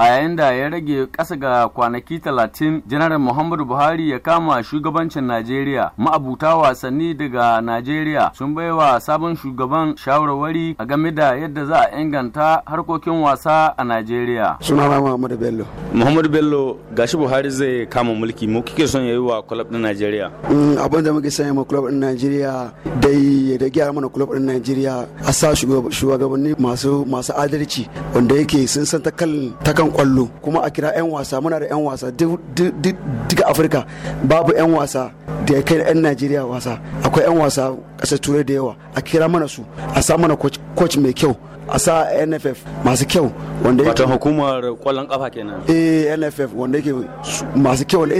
a yayin da ya rage kasa ga kwanaki talatin Janaral muhammadu buhari ya kama shugabancin najeriya ma'abuta wasanni daga najeriya sun baiwa sabon shugaban shawarwari a game da yadda za a inganta harkokin wasa a najeriya sunana muhammadu bello muhammadu bello gashi buhari zai kama mulki mu kike son yayi wa club din najeriya mm, abin da muke sanya ma club din najeriya dai ya da gyara mana club din najeriya a sa shugabanni masu adalci wanda yake sun san takan kwallo kuma a kira 'yan wasa muna da 'yan wasa duka afirka babu 'yan wasa da ya kai 'yan najeriya wasa akwai 'yan wasa ƙasar turai da yawa a kira mana su a sa mana coach mai kyau a sa nff masu kyau wanda yake hukumar kwallon kafa kenan eh nff wanda yake masu kyau wanda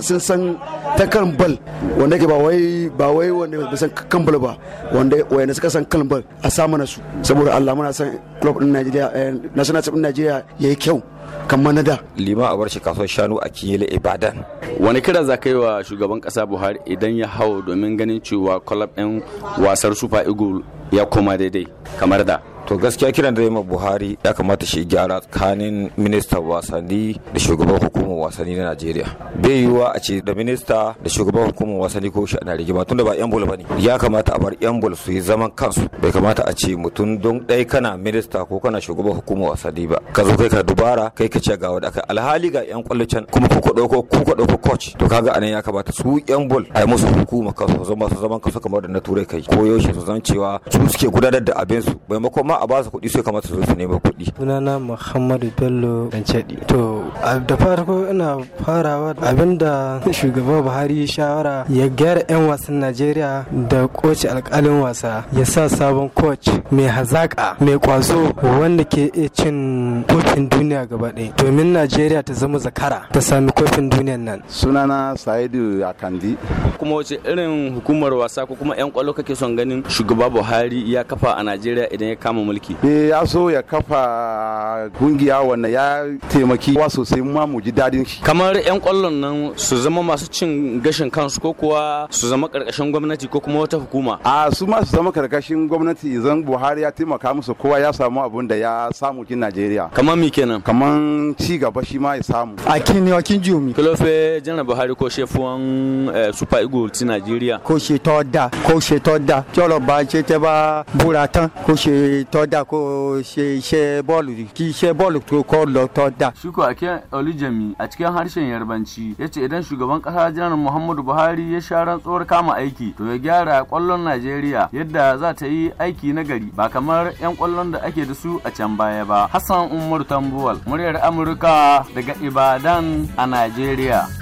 sun san ta kan bal wanda yake ba wai ba wai wanda ba san kan bal ba wanda wanda suka san kan bal a sa mana su saboda Allah muna san club din Najeriya eh, national team din Najeriya yayi kyau kamar na da lima a barshe kasuwar shanu a kiyele ibadan wani kira za ka yi wa shugaban kasa buhari idan ya hau domin ganin cewa club din wasar super eagle ya koma daidai kamar da to gaskiya kiran da buhari ya kamata shi gyara tsakanin ministan wasanni da shugaban hukumar wasanni na najeriya bai yiwuwa a ce da minista da shugaban hukumar wasanni ko shi ana rigima tunda ba yan ba bane ya kamata a bar yan bol su yi zaman kansu bai kamata a ce mutum don dai kana minista ko kana shugaban hukumar wasanni ba ka zo kai ka dubara kai ka ce ga wanda aka alhali ga yan kwallo can kuma ku ka ɗauko ku ka ɗauko coach to kaga anan ya kamata su yan bol a yi musu hukuma kansu su zama su zaman kansu kamar da na turai kai ko yaushe su zan cewa su suke gudanar da abin su maimakon ma a ba su kuɗi sai kamata su su nemi kuɗi. Sunana Muhammadu Bello Dancedi. To da farko ina farawa abinda shugaba Buhari shawara ya gyara 'yan wasan Najeriya da koci alƙalin wasa ya sa sabon coach mai hazaƙa mai kwazo wanda ke iya cin kofin duniya gaba ɗaya domin Najeriya ta zama zakara ta sami kofin duniyan nan. Sunana Sa'idu Akandi. Kuma wace irin hukumar wasa ko kuma 'yan kwallo kake son ganin shugaba Buhari ya kafa a Najeriya idan ya kama samun mulki eh ya so ya kafa kungiya wanda ya taimaki wa sosai ma mu ji dadin shi kamar yan kwallon nan su zama masu cin gashin kansu ko kuwa su zama karkashin gwamnati ko kuma wata hukuma a su ma su zama karkashin gwamnati idan Buhari ya taimaka musu kowa ya samu abun da ya samu cikin Najeriya kamar mi kenan kamar ci gaba shi ma ya samu a kin ne kin ji mi kilofe janar Buhari ko shefuwan eh, Super Eagles ti Najeriya Ko she tọ́ da ko ṣe tọ́ da tí ọlọ́ba ṣe tẹ́ bá búra ko kó tó dáa kó ṣe iṣẹ́ bọ́ọ̀lù kí iṣẹ́ bọ́ọ̀lù tó kọ́ lọ Ake Olujemi a cikin harshen Yarbanci ya ce idan shugaban ƙasa janar Muhammadu Buhari ya sha tsohuwar kama aiki to ya gyara kwallon Najeriya yadda za ta yi aiki na gari ba kamar 'yan kwallon da ake da su a can baya ba. Hassan umar Tambuwal, muryar Amurka daga Ibadan a Najeriya.